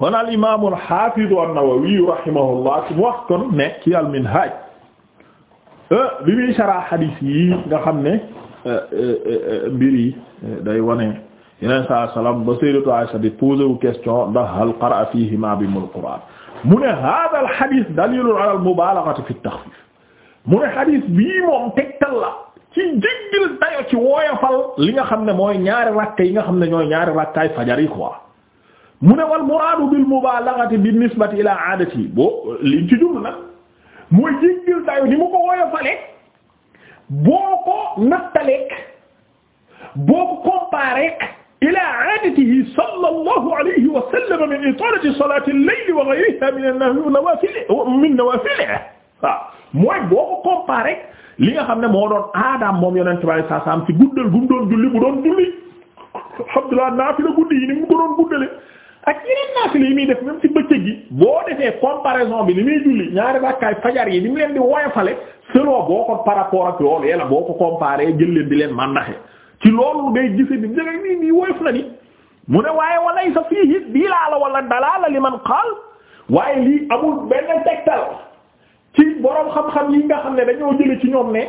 kon al imaamu al xaafidu an-Nawawi rahimahullah ci wax kon nekk al minhaj euh, bi muy saraa xadiis nga xam ne euh, euh, mbir day wane yeneen saa salaam ba sayyidatu Aysa di posé question ndax hal qara'a fiihimaa bi mul Qur'aan mu ne haaza al xadiis al mubaalaghati fi at-taxfiif mu ne xadiis bii moom tegtal la ci jéggil dayo ci wooyafal li nga xam ne mooy ñaari rakka yi nga xam ne ñooy ñaari rakkaay fajar yi mu ne wal muraadu bil mubaalaghati bi nisbati ila aadati boo liñ ci jublu nag mooy jéggil dayo ni mu ko woyofale boo ko nattaleek boo ko comparé ila aadatihi sallallahu alayhi wa sallam min italati salati al-layl wa ghayriha min an-nawaafili min nawaafilihi waaw mooy boo ko comparé li nga xam ne moo doon aadaam moom yonent bi saa saam ci guddal gu mu doon julli bu doon julli alhamdulillah naafila guddi yi ni mu ko doon guddale ak lii naafila yi muy def même ci bëccëg gi boo defee comparaison bi ni muy julli ñaari rakkaay fajar yi ni mu leen di woyofale selon boo ko par rapport ak loolu yàlla boo ko comparé jël leen di leen mandaxe ci loolu ngay gise di njëga nii nii woyof na ni mu ne waaye walay sa fii it bii laa la wala dalaala li man xaal waaye lii amul benn tegtal ci boroom xam-xam yi nga xam ne dañoo jële ci ñoom ne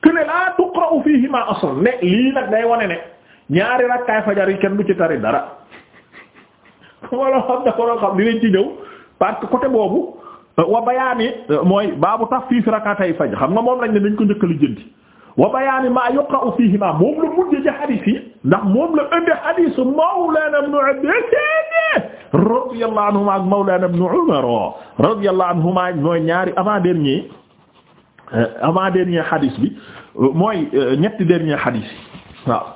que ne laa tuqra'u fiihimaa aslan ne lii nag day wone ne ñaari rakkaay fajar yi kenn du ci tari dara wala xam ne ko xam dinañ ci ñëw parce que côté boobu euh, wa bayaani euh, mooy baabu taxfiif rakatay faj xam nga moom lañ ne dañ ko njëkk a wa bayaani maa yuqra'u fiihimaa moom la mujj ci xadiis yi ndax moom la indi ñaari avant dernier euh, avant dernier xadiis mooy ñetti dernier xadiis waaw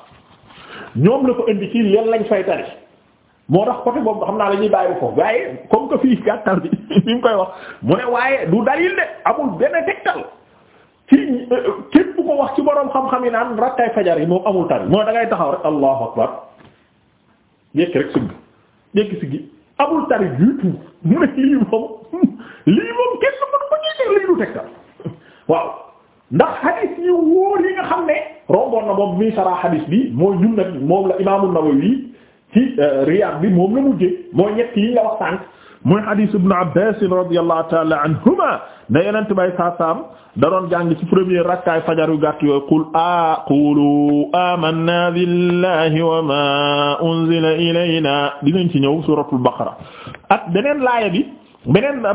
ñoom la ko indi ci yan lañ fay tari. moo tax côté boobu xam naa la ñuy bàyyi ko waaye comme que fii gàttal bi ni mu koy wax mu ne du amul benn wax ci borom xam yi naan yi moom amul tari moo da ngay taxaw rek amul tari lii moom lii moom kenn mën ko ñuy lii du tegtal waaw ndax hadith yi wóor yi nga xam ne romboon na moom mi sara bi mooy ñun nag moom la imaamu Nawawi ci euh, Riyad bi moom la mujjee mooy ñett yi la wax sànq muy hadith Ibn Abbas radiyallahu ta'ala anhuma ne yonent bay saa saam da doon jàng ci premier rakkaay fajar yu gàtt qul a qulu amanna billahi wa ma unzila ilayna dinañ ci ñëw suratul baqara ak beneen laaya bi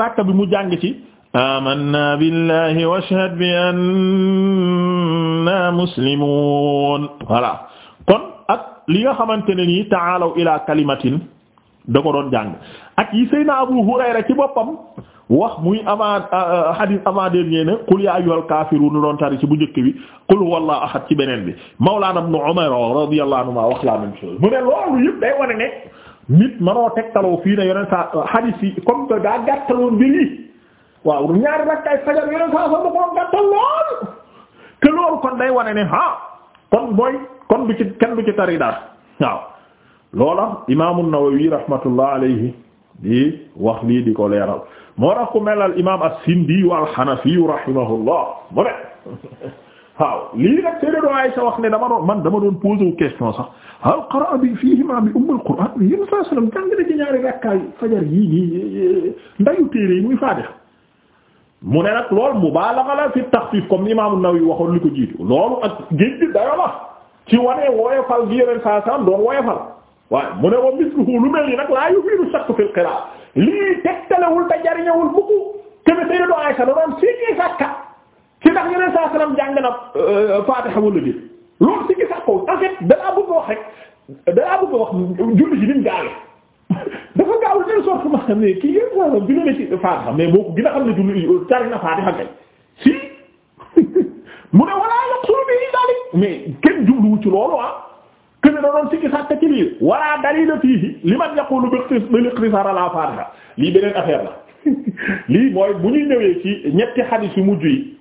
rakka bi mu jàng ci amanna billahi washhad bi anna muslimun ak li nga xamante ne nii taalaw ila kalimatin da ko doon jàng ak yi sayna Abu Hurayra ci boppam wax muy avant euh, hadith avant dernier ne qul ya ayyuhal kaafiruun doon tari ci bu njëkk bi qul huwallahu ahad ci beneen bi mawlaana ibn Umar radiyallahu anhu wax la même chose mu ne loolu yëpp day wane ne nit manoo tegtaloo fii ne yeneen sa euh, hadith yi comme que daa gàttaloon mbir yi waaw ñaari rakkaay fajar yeneen saa sa ba ko gàttal lool loolu kon day kon du ci kenn du ci tari dara waaw loola imaamu Nawawi rahmatullah alayhi di wax lii di ko leeral moo tax ku mel al imaam as-Sindi wal Hanafi rahimahullah mu ne waaw lii nag Sayyidatu Aisha wax ne dama doon man dama doon poser wu question sax hal qara'a bi fiihimaa bi ummil Qur'aan yéen saa salaam jàng na ci ñaari rakkaay fajar yii nii ndayu téere yi muy Faatiha mu ne nag loolu mubaalaga la fi taxfiif comme Imaam an-Nawawi waxoon li ko jiitu loolu ak géej gi dara la ci wanee woyofal gi yeneen saa saam doon woyofal waaye mu ne wa misluhu lu mel ni nag laa yufiidu shakk fil qiraa lii tegtalewul te jariñewul mukk kene Sayyidatu Aysa da doon sikki sàkka ci ndax yeneen saa saam jàng na euh, Faatiha walla dé loolu sikki sàkkawul en fait danaa bëgg wax rek danaa bëgg wax julli ci nim gaale dafa gaawul tel sorte ma xam ne kii yéen saa saam dina boo ko gën a xam ne julli jari na Faatiha kay si mu ne wala yaqulu bi dalik mais kenn jubluwu ci loolu ah que ne da doon sikki sàkk ci lii wala dalila fiihi li man yaqulu bi iqtisar ala fatiha lii beneen affaire la lii mooy bu ñuy ñëwee ci ñetti xadiis yu mujj yi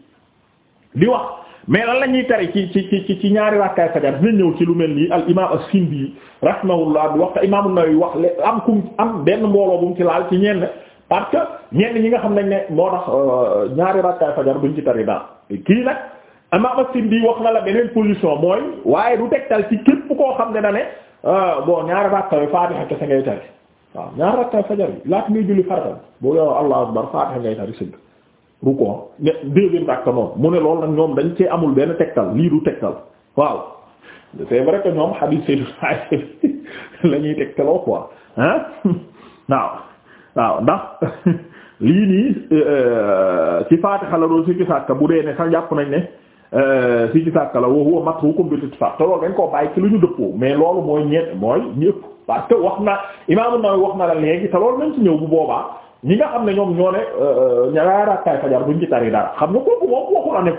di wax mais lan la ñuy tari ci ci ci ci ñaari rakkaay fajar dina ñëw ci lu mel nii al imaam as-Sindi rahimahullah bi wax te imaam an-Nawawi wax am kum am benn mbooloo bu mu ci laal ci ñenn parce que ñenn ñi nga xam nañ ne moo tax euh, ñaari rakkaay buñ ci tari daal kii nag. imaam as-Sindi wax na la beneen position mooy waaye du tegtal ci képp koo xam ne na ne euh, bon ñaari rakka bi Faatiha kese ngay tari waaw ñaari rakka fajar bi ngay julli farata bi boo yow Allahu akbar Faatiha ngay tari sëgg rukkoo ne deuxième dañ cee amul benn tegtal lii du tegtal waaw c'est vrai que ñoom hadith Sayyid la ñuy tegtaloo quoi ndax lii nii euh, ci Faatiha la doon si ki sàkka bu dee ne sax jàpp nañ ne si euh, ci sàkk la woo woo mat wu ko mbétiti sax te loolu dañ koo bàyyi ci lu ñu dëppoo mais loolu mooy ñett mooy ñëpp parce que wax na imaamu Nawawi wax na la léegi te loolu nañ ci ñëw bu boobaa ñi nga xam ne ñoom ñoo ne euh, ñaari rakkaay fajar buñ ci tari dara xam nga kooku moom waxu la ne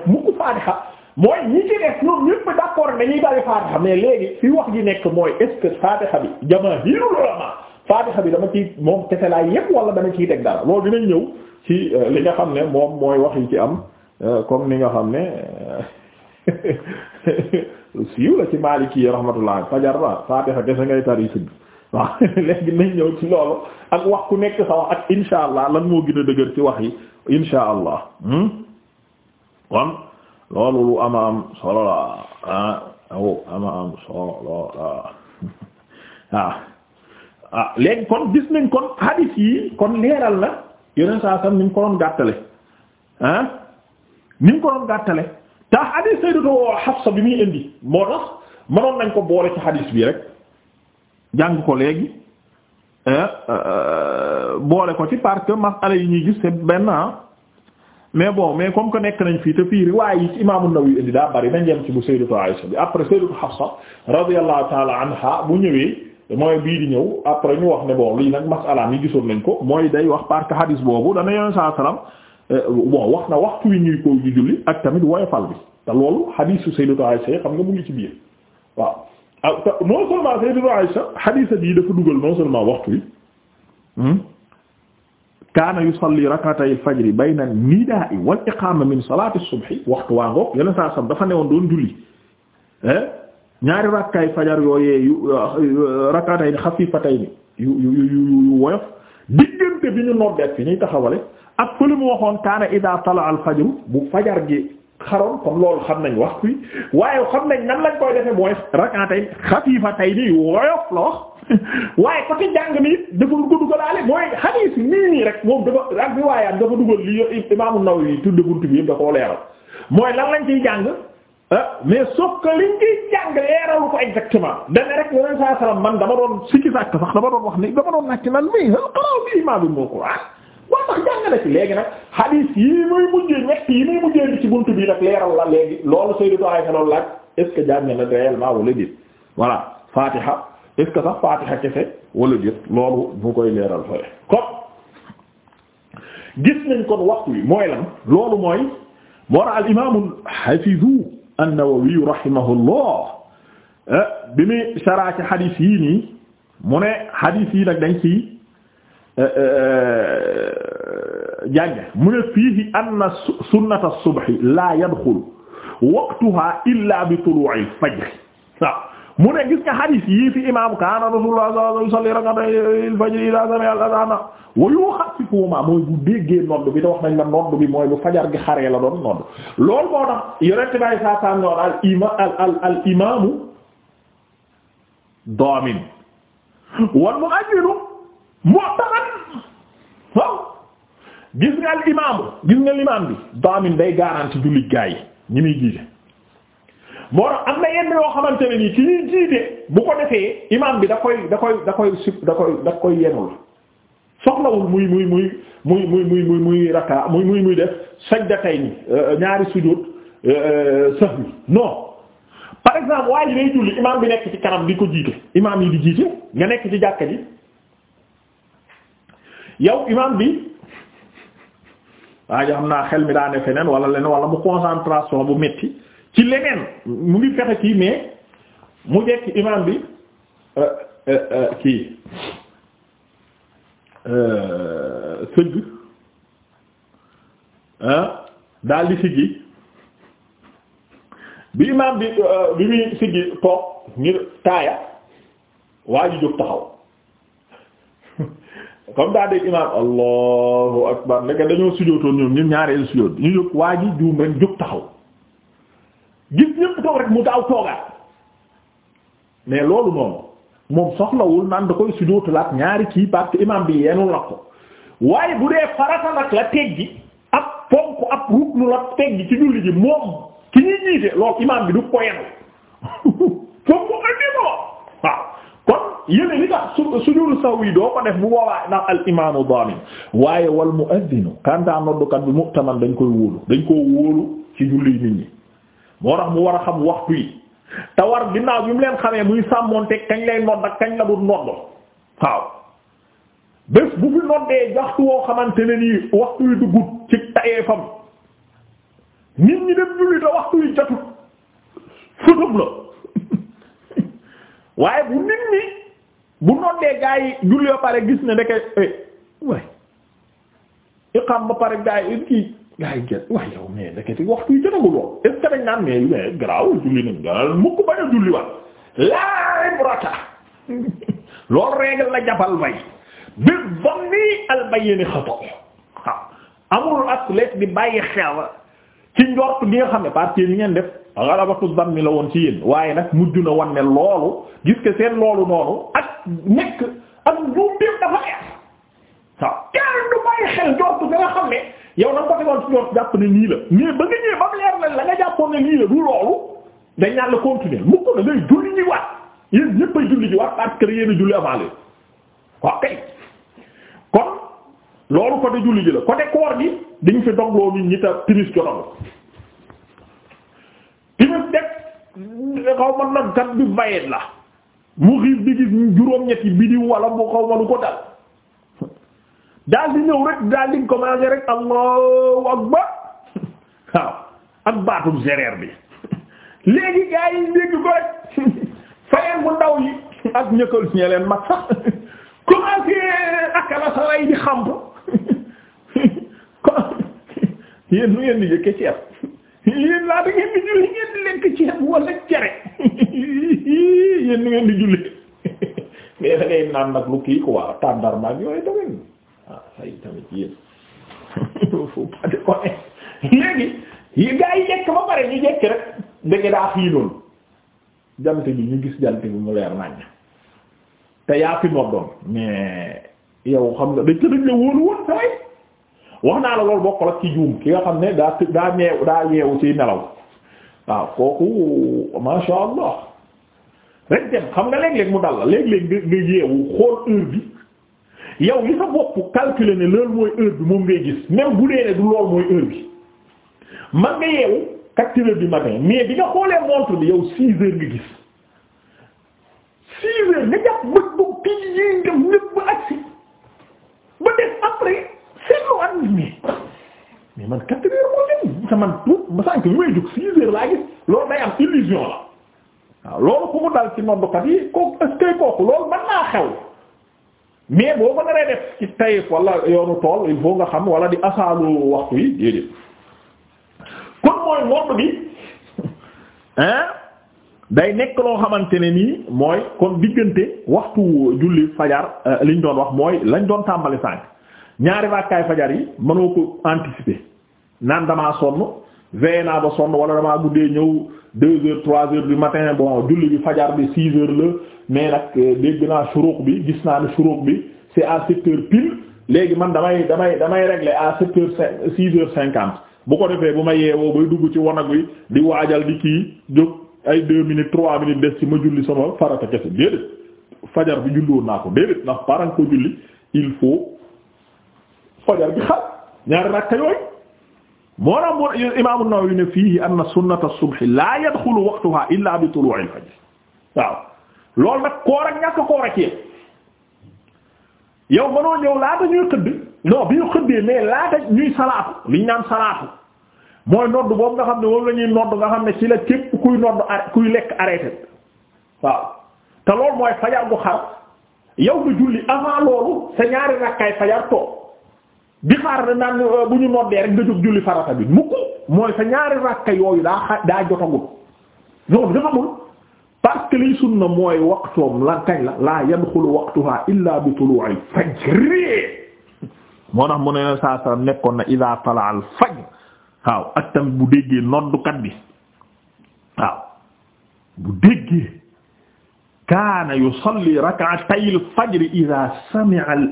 dañuy bari faatiha mais léegi fi wax ji nekk mooy est-ce que faatiha bi jamaahirul ulama faatiha bi dama ci moom kese laay yépp wala dama ciy teg dara loolu dinañ ñëw ci euh, li nga xam ne moom mooy wax yi ci am Euh, comme ni nga xam ne euh, siiw la ci Maliki yi rahmatullah fajar ba Fatiha kese ngay tari sëgg waaw léegi nañ ñëw ci loolu ak wax ku nekk sa wax ak insha allah lan moo gën a dëgër ci wax yi insha allah hmm? kon loolu lu am am solo la waaw ah, ah, ah léegi kon gis nañ kon hadith yi kon leeral na yeneen saa sam ni mu ko gàttale ah ni ko doon gàttale te hadith sayyidatu Hafsa bi muy indi moo tax mënoon nañ ko boole ci hadith bi rek jàng ko léegi eh, eh, boole ko ci parce que masala yi ñuy gis c'est benn ah. mais bon mais comme que nekk nañ fii te fii riwaay yi ci imaam An-Nawawi indi daa bari nañ dem ci bu sayyidatu Aisha bi après sayyidatu Hafsa radiyallahu ta'ala anha bu ñëwee. mooy bii di ñëw après ñu wax ne bon lii nag masala mi gisoon nañ ko mooy day wax parce que boobu dana yoneen saa Euh, bon wax na waxtu wi ñuy ko ñu julli ak tamit woyofal bi te loolu xadiisu sayyidatu Aisha xam nga mu ngi ci biir waaw ak ah, non seulement sayyidatu Aisha xadiisa bii dafa dugal non seulement waxtu wi hmm? kaana yusalli rak'atay al-fajri bayna an-nidaa'i wal saa sam dafa newoon doon julli eh? ñaari rakkaay fajar yooyee yu euh, rak'atay xafiifatay yu yu yu yu woyof diggante bi ñu noddee fi ñuy taxawale. ak fële mu waxoon kaana ida tala al bu fajar gi xaroon kon loolu xam nañ wax fii waaye xam nañ nan lañ koy defee mooy rak'atayn xafiifatayni yu woyof la wax waaye côté jàng mi rek moom dafa dafa dugal li Imaam An-Nawawi tudde buntu bi da koo leeral mooy lan lañ ciy jàng ah mais sauf que liñ ciy jàng leeralu ko exactement dana rek yeneen man dama doon sikki sàkk sax dama doon wax ni dama doon nàcc naan mais ah xaral bi Imaam bi moo ko ah. waaw ndax jàng na ci nag hadith yi muy mujjee ñett yi muy mujjee bi ci buntu bi nag leeral la léegi loolu Sayyidatu Aisha loolu laaj est-ce que jàng na réellement wala déet voilà Fatiha est-ce sax Fatiha kese wala déet loolu mu koy leeral fële kon gis nañ kon waxtu wi mooy lan loolu mooy moo tax al imaam hafizu an-Nawawi rahimahullah eh, bi muy saraaci hadith yii nii mu ne hadith yi nag dañ ci Euh, euh, euh, jàng mu ne fiihi anna sunnata subhi la yadxulu waqtuha illa bi tuluu'i fajri waaw mu ne gis nga hadis yii fi imam kaana rasulullah sallallahu alayhi wa sallam yusalli rak'atay al-fajr idha sami'a al-adhaana wa yuxaffifuhumaa mooy bu déggee nodd bi te wax nañ la nodd bi mooy bu fajar gi xaree la doon nodd loolu moo tax yorente bay saa san noon al ima al al imaamu daamin wal mu'adhdhin moo taxan waaw gis nga al imaamu gis nga limaam bi daamin day garanti julli gaa yi ñi muy jiite moo am na yenn yoo xamante ne nii ki ñuy jiite bu ko defee imaam bi da koy da koy da koy su da koy da koy yenul soxlawul muy muy muy muy muy muy muy muy rakka muy muy muy def sajdatay ni euh, ñaari sujud euh, euh, sahwi non par exemple waaye ji day julli imaam bi nekk ci kanam di ko jiite imaam yi di jiite nga nekk ci jàkka ji yow imam bi waaye xam naa xel mi daa ne feneen wala leneen wala mu concentration bu metti ci leneen mu ngi fexe kii mais mu jekk imam bi euh, euh, euh, kii sëgg daal di siggi bi imam bi bi muy siggi toog ngir taaya waa ji jóg taxaw comme daa dégg imaam allahu akbar ndeke dañoo sujjóotoon ñoom ñun ñaareelu sujjóot ñu jóg waa ji juum rek jóg taxaw gis ñëpp toog rek mu daaw toogaat mais loolu noonu moom soxlawul naan da koy sujjóotalaat ñaari kii parce que bi yenul la ko waaye bu dee farata nag la teggi ab ponk ab ruknu la teggi ci julli ji moom ki ñuy jiite loolu imaam bi du ko yenu yële li tax su sujudu sahwi doo ko def bu boobaa ndax al imaamu daamin waaye wal mu'addinu kanta noddukat bi mu mu'taman dañ koy wóolu dañ koo wóolu ci julli nit ñi moo tax mu war a xam waxtu yi te war ginnaaw bi mu leen xamee muy sàmmoonte kañ lay nodd ak kañ la du nodd waaw bés bu fi noddee waxtu woo xamante ne nii waxtu yi duggut ci tayee fam nit ñi dem julli te waxtu yi jotut sutub la waaye bu nit ñi bu noddee gaa yi julli ba pare gis ne ndeke eh, waay iqam ba pare gaa yi kii gaa yi gën waaye yow mais ndeketi waxtu yi jotagul woon est ce que dañ naan mais mais garaaw julli nañ gaal mukk bañ a julli waat laa ibrata loolu règle la jàppal bay bi dhanni al bayyin xata waaw amul ak lees di bàyyi xel ci njort bi nga xam ne parce que ni ngeen def. ghalabatu dhanni la woon ci yéen waaye nag mujj na wan ne loolu gis que seen loolu noonu ak nekk ak njuumteem dafa leer waaw kenn du bàyyi xel njortu bi nga xam ne nii la mais nga ñëwee ne nii la du loolu dañ naan continuer mu na ngay julli ji waat yéen ñëpp julli ji waat parce que yéen julli avant leen kay kon loolu côté julli ji la côté koor gi dañ fi dogloo nit ñi ta timis jotoon timis deg xaw ma nag gat bi bayet la mu xiif di gis juróom-ñetti bidiw wala mu xaw ma lu ko dal daal di ñëw rek daal di commencer rek allahu akbar waaw ak baatum géréer bi léegi gaa yi dégg ko rek fayeen bu ndaw yi ak ñëkkal ñe leen mag sax commencer saray di xamp yéen nu ngeen di jëkke yéen laa di julli ngeen di lekk ceeb wala cere yéen ngeen di julli mais da ngay naan nag lu kii maag yooyu tamit ah say tamit yéen faut pas déconner léegi yi gaa yi jekk ba pare ñu jekk rek ndege daa xiinoon jant bi ñu gis jant bi mu leer nañ te yaa fi noddoon mais yow xam nga dañ ko dañ la wóolu woon wax naa la loolu bokkul ak ci juum ki nga xam ne daa daa neew daa yeewu ci nelaw waaw kooku masha allah rek dem xam nga léeg-léeg mu dal la léeg-léeg nga nga yeewu xool heure bi yow li sa bopp calculer ne loolu mooy heure bi moom ngay gis même bu dee du lool mooy heure bi man nga yeewu quatre heures du matin mais bi nga xoolee montre bi yow six nga gis six heures nga jàpp bët bu kii yi nga def ba agsi ba def après. seetluwaat mais mais man quatre moo leen sa man tout ma sànk ñu may jóg six heures laa gis loolu day am illusion la waaw loolu ku mu dal ci noddukat yi kooku est-ce que loolu mën xew mais boo tool nga xam wala di asaalu waxtu yi déedéet kon mooy nodd bi hein day nekk loo xamante ne nii mooy kon diggante waxtu julli fajar euh, liñ doon wax mooy lañ doon tàmbali sànk ñaari rakkaay fajar yi mënoo ko anticiper naan damaa sonn veillé naa ba sonn wala damaa guddee ñëw deux heures trois heures du matin bon julli bi fajar bi six heures la mais nag euh, dégg naa suruq bi gis naa ne suruq bi c'est à sept heures léegi man damay damay damay régler à sept heures cinq six heures cinquante bu ko defee bu ma yeewoo bay dugg ci wanag wi di waajal di kii jóg ay deux minutes trois minutes des ci ma julli sama farata kese déedéet fajar bi julliwoon naa ko déedéet ndax fajar bi xar ñaari rakka yooyu moo naam mo imam an-Nawawi ne fiihi la yadxulu waqtuha illa bi tulu'i al-fajr waaw loolu yow ñëw laata ñuy xëdd non bi ñu xëddee mais laata boobu nga xam ne moom la nga xam ne ci la kuy nodd kuy lekk arrêté waaw te loolu bu xar yow nga julli avant loolu sa ñaari rakkaay fajar toog di xaar naan euh, bu ñu noddee rek nga jóg julli farata bi mukk mooy sa ñaari rakka yooyu daa xa daa jotagul loolu dafa amul mooy waxtoom la la laa waqtuha illa bi tulu'i nekkoon na ila tala al fajr waaw ak tamit bu déggee noddukat bi waaw bu déggee kaana al fajr ila sami'a al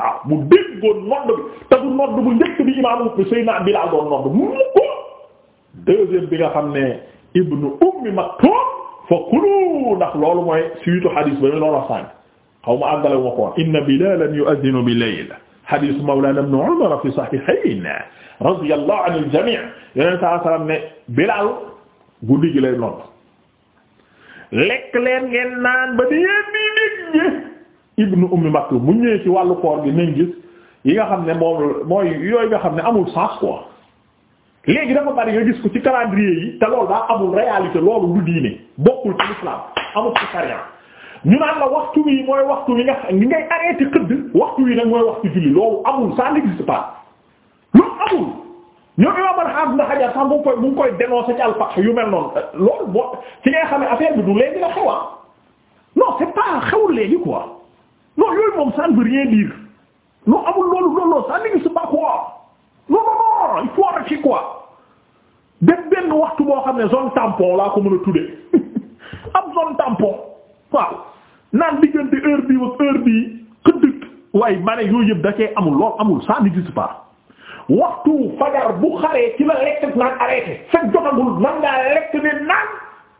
waaw bu déggoon nodd bi te du nodd bu njëkk bi imaamu Seydina Bilaal doon nodd mu ko deuxième bi nga xam ne ibnu ummi maktum fa kulu ndax loolu mooy suite hadis ba ñu doon wax sànq xaw ma àggale wu ma ko woon inna Bilaalan yu'adhinu bi-layl hadisu mawlaana ibn Umar fi sahihayn radiyallahu anil jamii' yeneen saa salaam ne Bilaal guddi gi lay nodd lekk leen ngeen naan ba di yéen ñi ibnu ummi maktum mu ñëwee ci wàllu koor gi nañ gis yi nga xam ne moom mooy yooyu nga xam ne amul sens quoi léegi dafa bari nga gis ko ci calendrier yi te loolu daa amul réalité loolu du diine bokkul ci l'islam amul ci sharia ñu naan la waxtu wi mooy waxtu wi nga ngi ngay arrêté xëdd waxtu wi nag mooy waxtu julli loolu amul ça n'existe pas loolu amul ñoo imaam al-Hafiz Ibn sax mu koy mu ngi koy dénoncer ci al yu mel noonu loolu boo ci ngay xam ne affaire bi du léegi la xewa ah. non yooyu moom ça ne veut rien dire non amul loolu loolu ça n'existe pas quoi non non non il faut arrêter quoi dem benn waxtu boo xam ne zone tampon laa ko mën a tuddee am zone tampon waaw naan diggante heure bii ak heure bii xëddëg waaye ma ne yooyu yëpp da cee amul lool amul ça n'existe pas waxtu fajar bu xaree ci la lekk naan arrêté fekk jotagul man ngaa lekk ne naan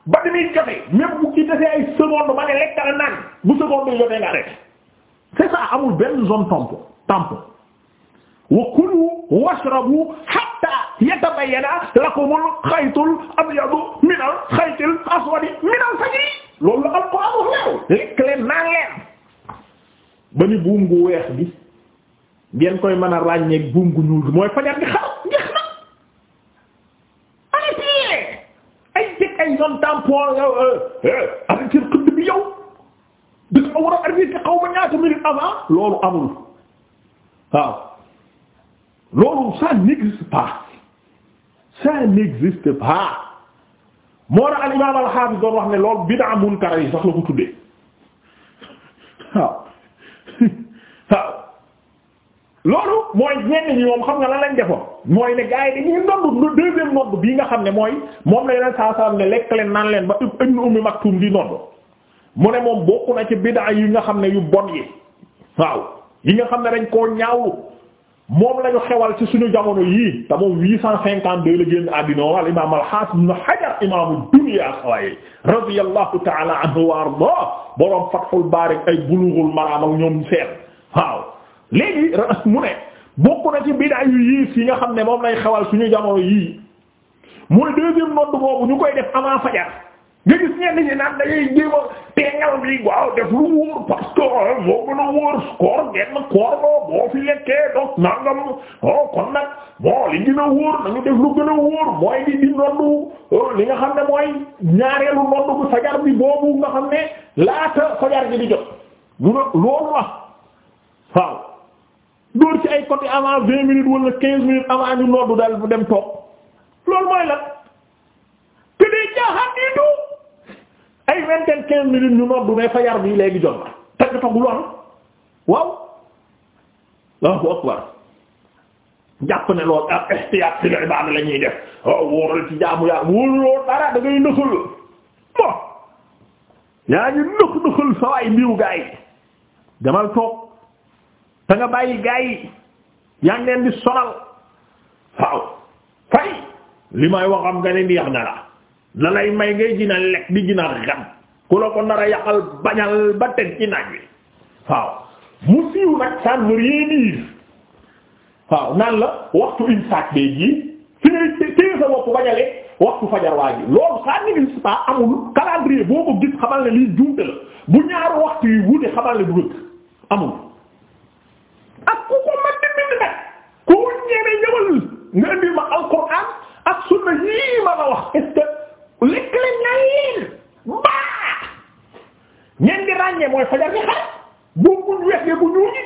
ba dañuy jote même bu ci desee ay seconde ma ne lekk naan bu seconde c'est ça amul benn zone tampon tampon wa kulu washrabu hatta yatabayyana lakumul xaytul abyadu minal xaytil aswadi minal fajri loolu la alquran wax leew lekk leen ba ni buum gu weex bi ngeen koy mën a ràññeek buum gu ñuul bi mooy fajar gi xar ngeex na ay piiree ay jëkk ay zone tampon ay ci xëdd bi yow di nga war a arbitre xaw ma ñaata minutes avant loolu amul waaw loolu ça n'existe pas ça n'existe pas moo tax al imaam doon wax ne loolu bid'a munkar yi sax la ko tuddee waaw waaw loolu mooy ñenn ñi xam nga lan lañ defoon mooy ne gars yi dañuy noddu deuxième noddu bii nga xam ne mooy moom la yeneen saa saa ne lekk leen naan leen ba Ibnu Ummi Maktum di noddu. mu ne moom bokk na ci bid'a yi nga xam ne yu bon yi waaw yi nga xam ne dañ koo ñaawlu moom lañu xewal ci suñu jamono yii te moom 852 la génn àddina wal imaam al-Hafiz ibn Hajar imaamu dunya xawaaye radiyallahu ta'ala anhu wa ardaa boroom Fathul Baari ay Bulughul Maraam ak ñoom seen waaw léegi mu ne bokk na ci bid'a yu yiis yi nga xam ne moom lay xewal suñu jamono yii mooy deuxième nodd boobu ñu koy def avant fajar nga gis ñenn ñi naan dañuy bi waaw def lu wóor parce que gën a wóor koor genn koor loo boo fi lekkee donc nangam oh kon nag bon li a wóor nañu def lu gën a wóor mooy di di noddu euh, li nga xam ne mooy ñaareelu noddu bu fajar bi boobu nga xam ne laata fajar gi di jot lu na loolu la waaw dóor ci ay côté avant vingt minutes wala quinze minutes avant ñu noddu daal dem toog loolu mooy la te dee jaaxaan diitu ay vingtaine quinze minutes ñu noddu mais fa yar bi léegi jot na te jotagul woon waaw Allahu akbar jàpp ne loolu ak ihtiyaat fil ibaada la ñuy def waaw oh, wóoral ci jaamu yaa wóoruloo dara da ngay nëxal bon yaa ngi nëx nëxal sa waay mbiw gaa yi demal toog te nga bàyyi gaa yi yaa ngi leen di sonal waaw fay li may wax am nga ne neex na la lay may ngay gën lekk di gina a ku la ko nar a yàqal bañal ba teg ci naaj wi waaw mu siiw nag ça ne veut rien waaw naan la waxtu une bee ji fi ngay téye sa bopp bañale waxtu fajar waa loolu ça n'existe pas amul calendrier boo ko gis xamal ne lii juumte la bu ñaari waxtu yi wute xamal ne du amul ak ku ko mën di bind nag ku ñëwee ñëwal nga indi ma alquran ak sunna yii ma la wax ràññee mooy fajar gi xar bu ñu weesee bu ñuul gi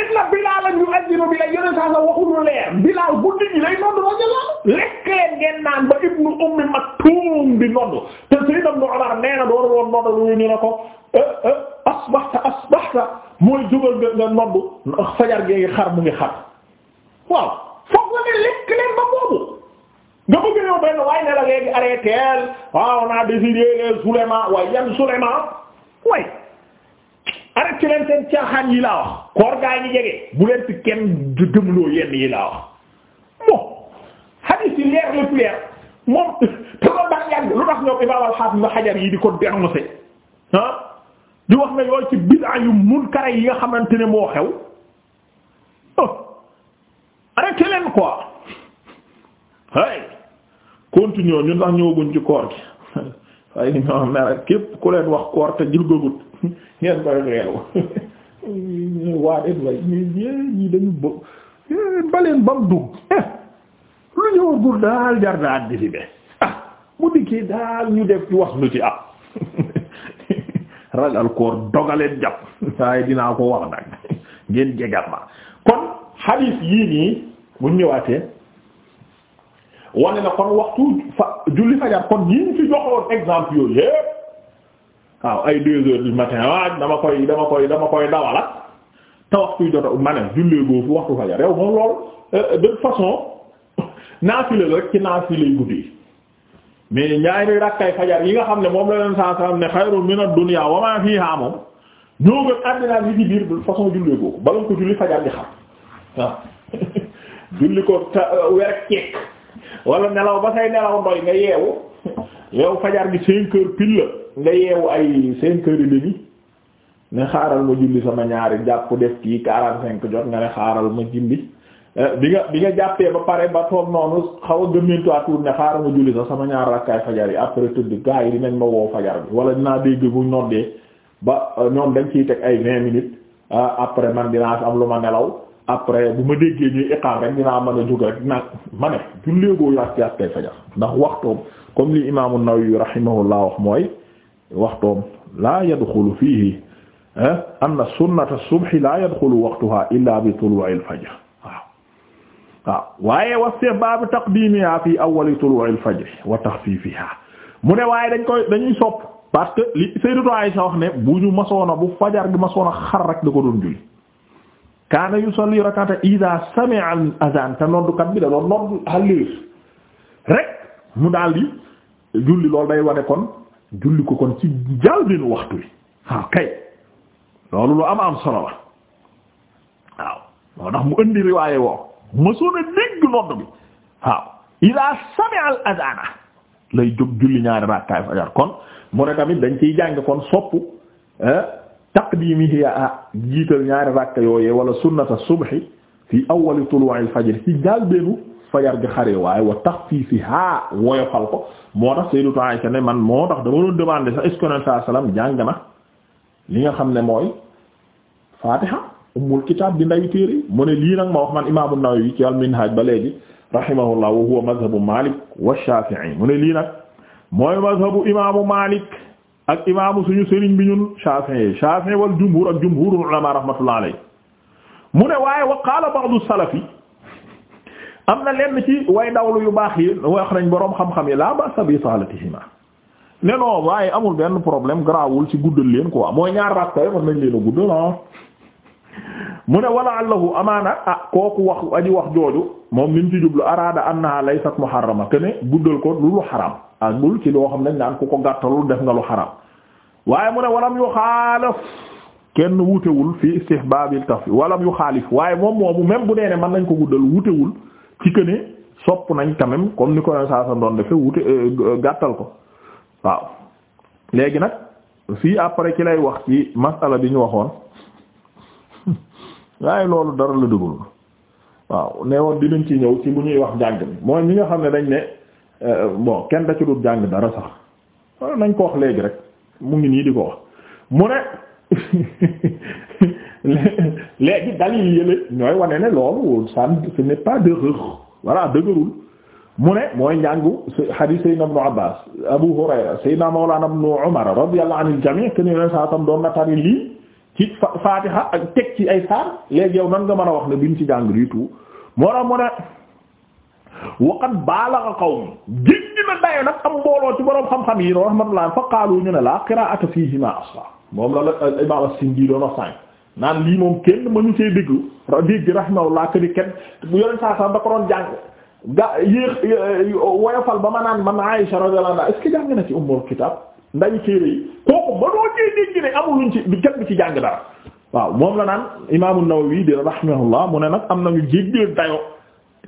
inna Bilaal ñu ajjino bi la yoneen saa sa waxu lu leer Bilaal guddi gi lay nodd rajalaan lekk leen ngeen naan ba ibnu ummi Maktuum bi nodd te Sayyid Ibnu Umar nee na doon woon nodd lu ñu eh, eh, fajar gi xar mu ngi xar waaw foog nga ne ba boobu nga bëgg yow waaye ne la léegi arrêté waaw on a décidé les Souleymane waaye yan Souleymane way arrêté leen seen caaxaan yi laa wax koor gaa ñi bu leen ci kenn du dëmloo yenn yi laa wax bon yi leer le plus leer moom te loolu daan yàgg lu tax ñoom imaam al-Hafiz Ibn Hajar yi di ko dénoncé ah di wax ne yooyu ci bid'a yu munkara yi nga xamante ne moo xew oh arrêté leen ko hey continuons ñun sax ñëwaguñ ci koor gi. waaye ñoo mer képp ku leen wax koor te julgagut ngeen koy reelu ñu waadet way ñu ñi dañu bo bam dugg eh, lu ñëw gur daal jar na àddi fi be ah mu dikkee daal ñu def ci wax lu ci am ragal koor dogaleen jàpp waaye dinaa ko wax nag ngeen jegal ma kon hadith yii nii bu ñëwaatee wane na kon waxtu fa julli fajar kon ñi fi joxoon exemple yooyu yépp waaw ay deux heures du matin waaw ah dama koy dama koy dama koy dawala te waxtu jota ma jullee goofu waxtu fajar yow moom loolu euh, de façon naafile rek ci naafile guddi mais ñaari rakkay fajar yi nga xam ne moom la leen saa saa ne xayrun minad dunya wa ma fiha moom ñoo gën àddina li ci biir façon jullee goofu bala ko julli fajar di xam waaw julli ko euh, weer ceek wala nelaw ba say nelaw ndoy nga yeewu yow fajar gi cinq heures pile la nga yeewu ay cinq heures et ne xaaral ma julli sama ñaari jàpp def kii quarante cinq jot nga ne xaaral ma julli eh, bi nga bi nga jàppee ba pare ba toog noonu xaw a gëmmintuwaatuur ne xaaral ma julli sax sama ñaar rakkaay fajar yi après tëdd gars yi dinañ ma woo fajar bi wala dinaa dégg bu noddee ba eh, ñoom dañ ciy teg ay vingt minutes ah, après man dinaa am lu ma nelaw après bu ma déggee ñuy iqaam rek dinaa mën a jóg rek nag ma ne julleegoo yàq yàq tey fajar ndax waxtoom comme li imaamu Nawawi rahimahullah wax mooy waxtoom laa fii an ah, anna sunnata subhi laa yadxulu waqtuha illa bi tuluu'il fajr waaw waaw waaye wa istihbaabu taqdiimihaa fi awwali tuluu'il fajr wa taxfiifihaa mu ne waaye dañ koy dañuy sopp parce que li Sayyidatu Aisha wax ne bu ñu masoona bu fajar gi masoona xar rek da ko doon julli kaana yusalli rak'ata idha sami'a al-adhan te noddukat bi da doon noddu hallir rek mu daal di julli loolu day wane kon julli ko kon ci njàlbéenu waxtu wi waaw ah, kay loolu lu am am solo la waaw moo tax mu indi riwaaye woo mësoon a dégg nodd bi waaw idha sami'a al lay jóg julli ñaari rakkaay fajar kon mu ne tamit dañ ciy jàng kon soppu eh, taqdimihi ah jiital ñaari rakka yooyee wala sunnata subhi fi awwal tulu'il fajr ci njàlbéenu fajar gi xaree waaye wa taxfiifihaa woyofal ko moo tax Sayyidatu Aisha ne man moo tax dama doon demander sax est-ce que sa sallallahu alayhi jàng na li nga xam ne mooy Fatiha ummul kitaab di ndayu téere mu ne lii nag ma wax man Imaam An-Nawawi ci al-Minhaj ba léegi rahimahullah wa huwa madhabu Maalik wa Shaafi'i mu ne lii nag mooy madhabu Imaamu ak imaamu suñu sëriñ bi ñun Shafi'i Shafi'i wal jumhur ak jumhurul ulama rahmatullah alayhi mu ne waaye wa qaala ba'du salafi am na lenn ci way dawlu yu baax yi wax nañ boroom xam-xam yi la ba'sa bi salatihima ne non waaye amul benn problème garaawul ci guddal ko quoi mooy ñaar rakka mën nañ leen a gudd ah mu ne wala allahu amaana ah kooku wax aji wax jooju moom li mu ci jublu araada annaha laysat muharrama ne guddal ko lu lu xaram ak bul loo xam ne naan ku ko gàttalul def nga lu xaram waaye mu ne walam yu xaalaf kenn wutewul fi istihbaabil taf walam yu xaalif waaye moom moomu même bu dee ne mën nañ ko guddal wutewul ci que sopp nañ tamit comme ni ko leen saa sa doon defee wute euh, gàttal ko waaw léegi nag fii après ki lay wax ci masala bi ñu waxoon. waaye loolu dara la dugul waaw ne woon dinañ ci ñëw ci bu ñuy wax jàng mi mooy ñi nga xam ne dañ ne euh, bon kenn da ci dul jàng dara sax nañ ko wax léegi rek mu ngi nii di ko mu ne léegi dalil yële ñooy wane ne loolu ça ce n'est pas de rëx voilà dëgërul mu ne mooy njàngu hadith sayyidina ibn Abbas Abu Hurayra sayyidina mawlana ibn Umar radiyallahu anil jami' kenn yoneen saa tam doon na lii ci faatiha ak teg ci ay saar léegi yow nan nga mën a wax ne bi ñu ci jàng du tout moo tax mu ne waqat baalaxa xaw mi jéggi na dayo nag am mbooloo ci boroom xam-xam yi noonu rahmatullah fa qaalu ñu ne moom la la euh, imaam as naan lii moom kenn mënu see déglu dégg rahimahullah que ni kenn bu yore saa saa da ko doon jàng ga yéex euh, woyofal ba ma naan man Aïsha radiyallahu anha est-ce que jàng na ci ummul kitaab ndañ téere yi kooku mënoo cee dégg ne amul luñ ci kenn du ci jàng dara waaw moom la naan imaamu Nawawi di rahimahullah mu ne nag am nañu jéggi dayo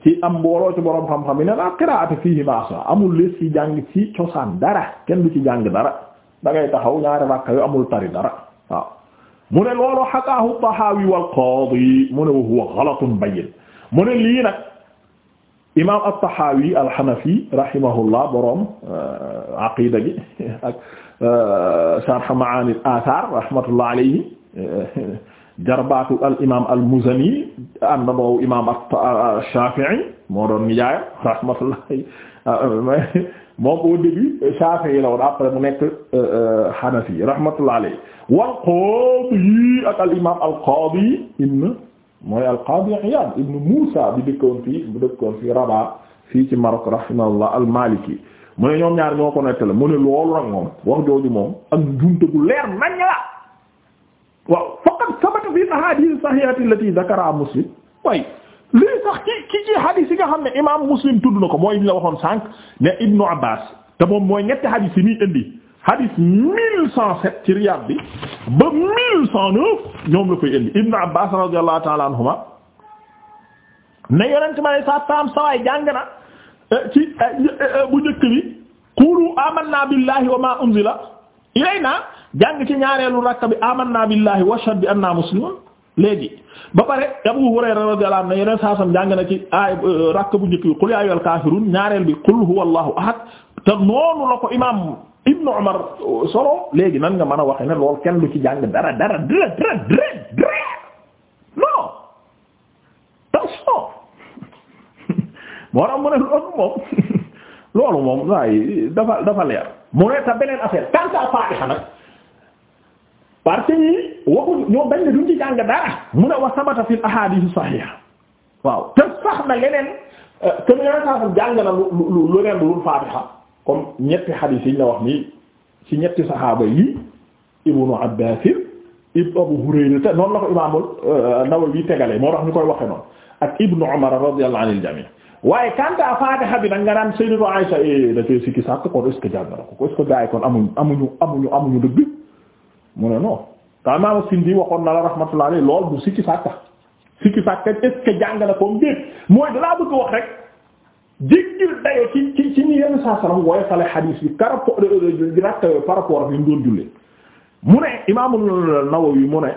ci am mbooloo ci borom xam-xam yi na la qiraatu fiihi baasa amul lees ci jàng ci cosaan dara kenn du ci jàng dara da ngay taxaw ñaari rakka yu amul tari dara waaw mu ne loolu xakaahu Tahawi wal Qaadi mu ne wa huwa ghalatun bayyin mu lii nag imaam at-Tahawi al-Hanafi rahimahullah borom euh, aqida bi ak euh, sharh ma'ani al-athar rahmatullah alayhi euh, jarbaatu al imaam al muzani àndandoo imaam ash-Shafi'i moo doon nijaay rahmatullah moom au début Shafi'i la woon après mu nekk Hanafi rahmatullah alayhi wal qaadi ak al imaam al qaadi ibn mooy al-Qaadi Iyaad ibn Muusa bi dëkkoon fii bu dëkkoon fii Rabat fii ci Maroc rahimahullah al-Maliki mu ne ñoom ñaar ñoo ko nettali mu ne loolu nag moom wax jooju moom ak njumte gu leer nañ la waaw faqad sabata fi al-ahaadiith as-sahiihati allati dhakarahaa Muslim waaye lii sax ci ci ci hadith yi nga xam ne imaam Muslim tudd na ko mooy li la waxoon sànq ne Ibnu Abbaas te moom mooy ñetti hadith yi muy indi. hadith mille cent sept ci Riyad bi ba mille cent neuf ñoom la koy indi Ibn Abbas radiyallahu ta'ala anhuma ne yonent ma ne sa taam sawaay jàng na eh, ci eh, eh, bu njëkk bi qulu amanna billahi wa ma unzila ilayna jàng ci ñaareelu rakka bi amanna billahi washhad bi anna muslimun léegi ba pare Abu Hurayra radiyallahu anhu yeneen saa sam jàng na ci ay rakk bu njëkk bi qul ya ayyuhal kafirun ñaareel bi qul huwallahu ahad te noonu la ko imam Ibn Umar solo léegi nan nga mën a wax ne lool kenn du ci jàng dara dara dara dara dara dara non tension moo tax mu ne loolu moom loolu moom waaye dafa dafa leer mu ne ta beneen affaire tant Faatiha nag parce que waxu ñoo benn duñ ci jàng dara mu ne wa sabata fil ahadith sahiha waaw te sax na leneen te euh, ñu ne la jàng na lu lu lu leneen lu Faatiha comme ñetti xadiis yi ñu la wax nii ci ñetti saxaaba yi ibnu Abbaas ibnu Abu Hurayra te noonu la ko imaamul euh, Nawawi tegalee moo tax ñu koy waxe noonu ak ibnu Umar radiyallahu anil jamii waaye kanta faatiha bi nag nga naan sayyidatu Aysa eh, da cee sikki sàkk kon est-ce que jàng ko est-ce que gaa yi kon amuñu amuñu amuñu amuñu dëgg mu ne non te imaam Sindi waxoon na la rahmatullahi alayhi lool bu sikki sàkk sikki sàkk est-ce que jàng na ko mbir mooy dalaa wax rek jéggil dayo ci ci ci ni yenn saa salam wooye fale bi par euh, euh, rapport par rapport ak mu doon jullee mu ne mu ne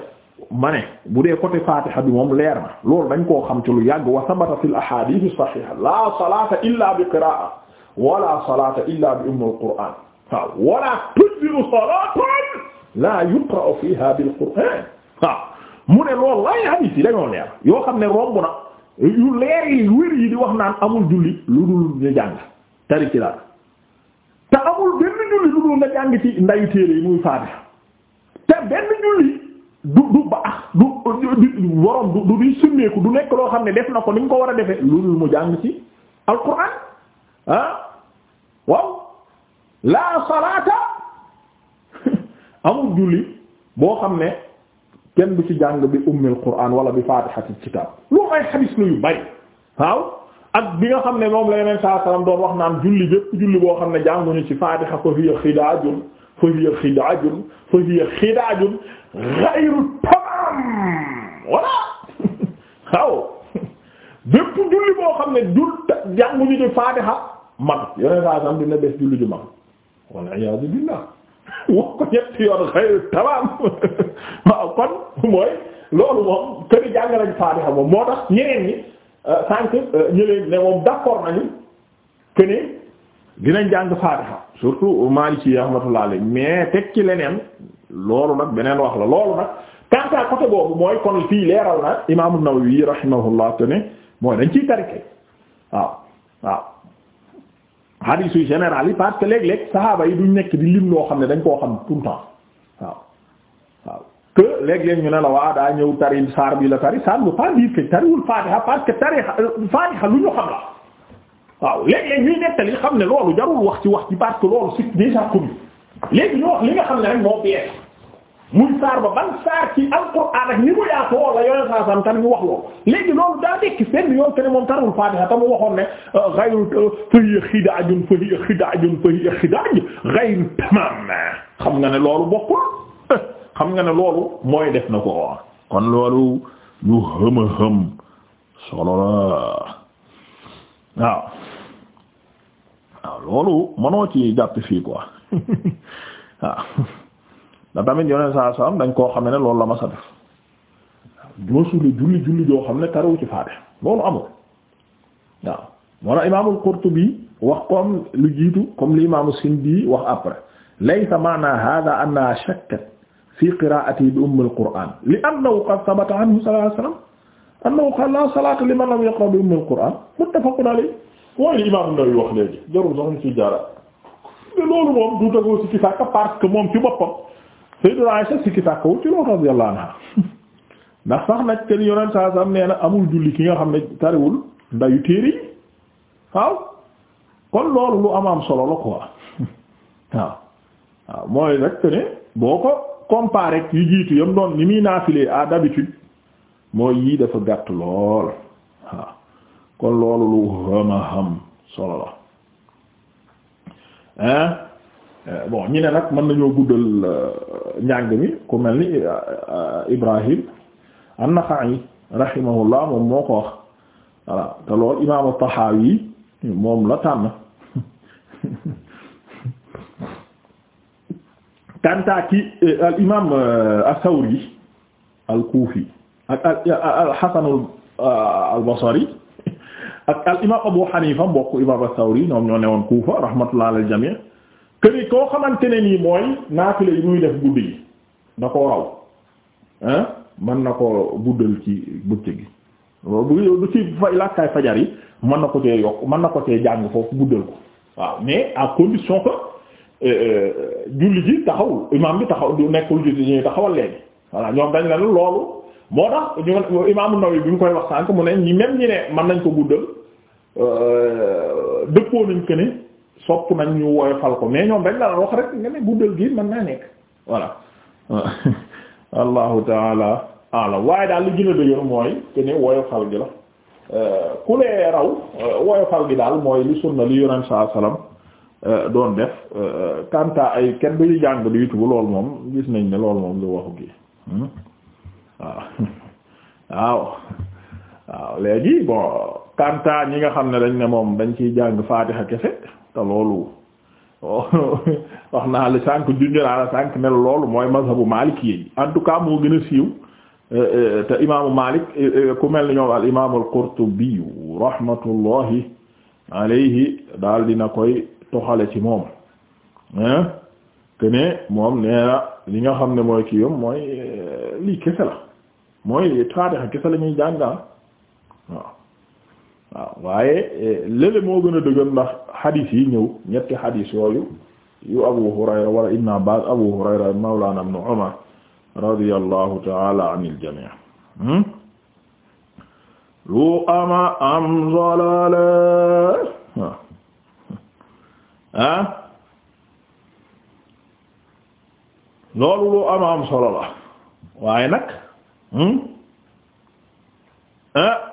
ma ne bu dee côté fatiha bi moom leer na loolu dañ koo xam ci lu yàgg wa sabata fi l ahadith saxiha la salata illa bi qiraa wala salata illa bi umm al wala tujzi'u salatun la yuqra'u fiha bil quran mu ne loolu lay hadith yi dañoo leer yoo xam ne romb yu leer yi wér yi di wax naan amul julli lu dul ñu jàng tari te amul benn julli lu dul nga jàng ci ndayu téere yi muy faatiha te benn julli du baax du du waroon du du sunneeku du nekk loo xam ne def na ko ni mu ko war a defee lu dul mu jàng ci alquran ah waaw laa salaata amul julli boo xam ne kenn du ci jàng bi ummil quraan wala bi faatihatil kitaab loolu ay xadis la yu bari waaw ak bi nga xam ne moom la yeneen saa salaam doon wax naan julli bépp julli boo xam ne jànguñu ci faatiha fa hiya xidaajun fa hiya xidaajun fa hiya xidaajun ghayru tamaam voilà waaw bépp julli ci faatiha mag yeneen ju mag wal iyaadu billah wax ko ñetti yoon xëy tabaam waaw kon mooy loolu moom këri jàng nañ faatiha moom moo tax ñeneen ñi euh, sànq euh, ñeneen ne moom d'accord nañu que dinañ jàng faatiha surtout Maliki rahmatullah mais teg ci leneen loolu nag beneen wax la loolu nag quant à boobu mooy kon fii leeral na Imaamu Nawawi rahimahullah te ne mooy dañ ciy tarike waaw waaw hadith yu général yi parce que léeg-léeg saxaaba yi duñ nekk di lim loo xam ne dañ koo xam tout le temps waaw ñu ne la waa daa ñëw tari saar bi la tari ça ne veut pas dire que tariwul faatiha parce que tari euh, faatiha lu ñu xam la waaw léeg-léeg ñuy nettali xam ne loolu jarul wax ci wax ci parce que loolu c'est déjà connu léegi ñu wax li nga xam ne rek moo bees muy saar ba ban saar ci alquran ak ni mu yaatoo la yoneen saa sam tan mu wax loolu léegi loolu daa dekki fenn yoon te ne moom tarul fatiha ta mu waxoon ne euh, ghayru euh, fahiya xidaajun fahiya xidaajun fahiya xidaaj ghayru tamam xam nga ne loolu bokkul xam nga ne loolu mooy def na ko wax kon loolu lu hëma hëm solo la waaw waaw loolu mënoo ci jàpp fii quoi waaw da tamit yoneen saa salaam dañ koo xam ne loolu la ma sa def mosula julli julli joo xam ne tarawu ci faate loolu amul waaw moo na imaamul Qurtubi wax comme lu jiitu comme li imaamu Sindi wax après laysa maana hada annaha shakkat fi qiraati bi umm al-Qur'an li annahu qad thabata anhu sallallahu alayhi wasallam annahu qala la salata liman lam yaqra bi umm al-Qur'an muttafaqun alayhi mooy li imaam Nawawi wax léegi jarul sax ñu ci jaara te loolu moom du dagoo ci ki sàkk parce que moom ci boppam Sayyiduna Aisha sikki sàkkwul ci loolu radiyallahu anha ndax sax nag kenn yonent saa sam nee na amul julli ki nga xam ne tariwul ndayu téere yi waaw kon loolu lu am am solo la ko waaw waaw mooy rek ne boo ko comparé ki jiitu yam doon ni muy naafile à d'habitude mooy yii dafa gàtt lool waaw kon loolu lu xam a solo la hein Euh, bon ñi ne nag mën nañoo guddal euh, njàng mi ku mel ni euh, Ibrahim an-Naxa'i rahimahullah moom moo ko wax voilà te lool imaamu la tànn kantaa ki al imaam as-Sawri al-Kufi ak al-Hasan al-Basri Abu Hanifa mbokk imaam as-Sawri ñoom ñoo newoon Kufa koo xamante ne nii mooy naafile yi muy def guddi gi na koo raw ah mën na ko guddal ci bëccëg gi bu du ci fay lakkaay fajar yi mën na ko cee yokk mën na ko cee jàng foofu ko waaw mais à condition que euh, euh, julli ji taxawul imaam bi taxaw du nekkul julli ji ñuy taxawal léegi voilà ñoom dañ la loolu moo tax ñu imaamu Nawawi bi ñu koy wax sànk mu ne ñi même ñi ne mën nañ ko guddal euh, dëppoo nañ ko sopp nañ ñu woyofal ko mais ñoom dañ la wax rek nga ne guddal gi mën naa nekk voilà allahu taala alam waaye daal li gën a dëgër mooy te ne woyofal gi la euh, ku lee raw euh, woyofal gi daal mooy li sunna li yonent saa salaam euh, doon def kanta ay kenn du ñu jàng du yutubu loolu moom gis nañ ne loolu moom lu waxu gi hmm? waaw waaw léegi bon kanta ñi nga xam ne dañ ne moom dañ ciy jàng faatiha kese te loolu wax na la sànq junjoo naa la sànq ne loolu mooy mazhabu Maalik yi en tout cas moo gën a siiw te imaamu Maalik ku mel ni ñoom al imaamu al-Qurtubi rahmatullahi alayhi daal dina koy toxale ci moom te moom nee li nga xam ne mooy kii yom mooy lii kese la mooy taatix kese la ñuy jàngaa waaw waaw waaye e, lële moo gën a dëgër ndax yi ñëw ñetti xadiis yooyu yu Abu Hurayra wala Abu Hurayra mawlana Ibn Umar radiyallahu ta'ala anil jami' hmm? lu ama am solala ah lu ama am solo la waaye nag ah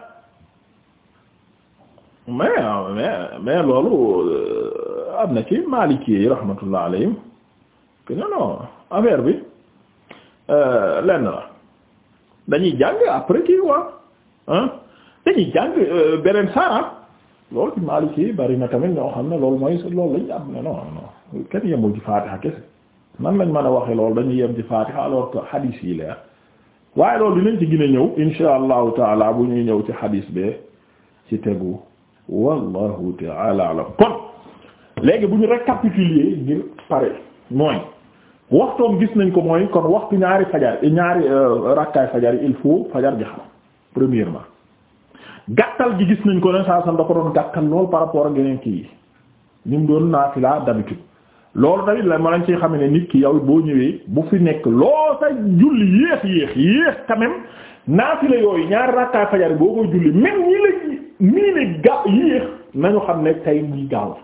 mais mais mais loolu euh, am na ci Maliki yi rahmatullah alayhim que non non affaire bi euh, lenn la dañuy jàng après kii ah dañuy jàng euh, beneen saara loolu ci Maliki yi bari na tamit ñoo xam ne loolu mooy loolu lañ am ne non non kenn yemul ci Fatiha kese nan lañ mën a waxe loolu dañuy yem ci Fatiha alors que hadith yi leer waaye loolu dinañ ci gën a ñëw insha allahu taala bu ñuy ñëw ci hadith be ci tegu. wallahu ta'ala alam kon léegi bu ñu récapituler ngir pare mooy waxtoom gis nañ ko mooy kon waxtu ñaari fajar ñaari euh, rakkaay fajar yi il faut fajar ji xam premièrement gàttal gi gis nañ ko ne saa san da ko doon gàttal lool par rapport ak yeneen kii ñu mu doon naafila d'habitude loolu tamit la ma lañ ci xam ne nit ki yow boo ñëwee bu fi nekk loo sa julli yéex yéex yéex quand naafila yooyu ñaari rakkaay fajar boo koy julli même ñi la nii ne ga yéex nañu xam ne tay muy gaaw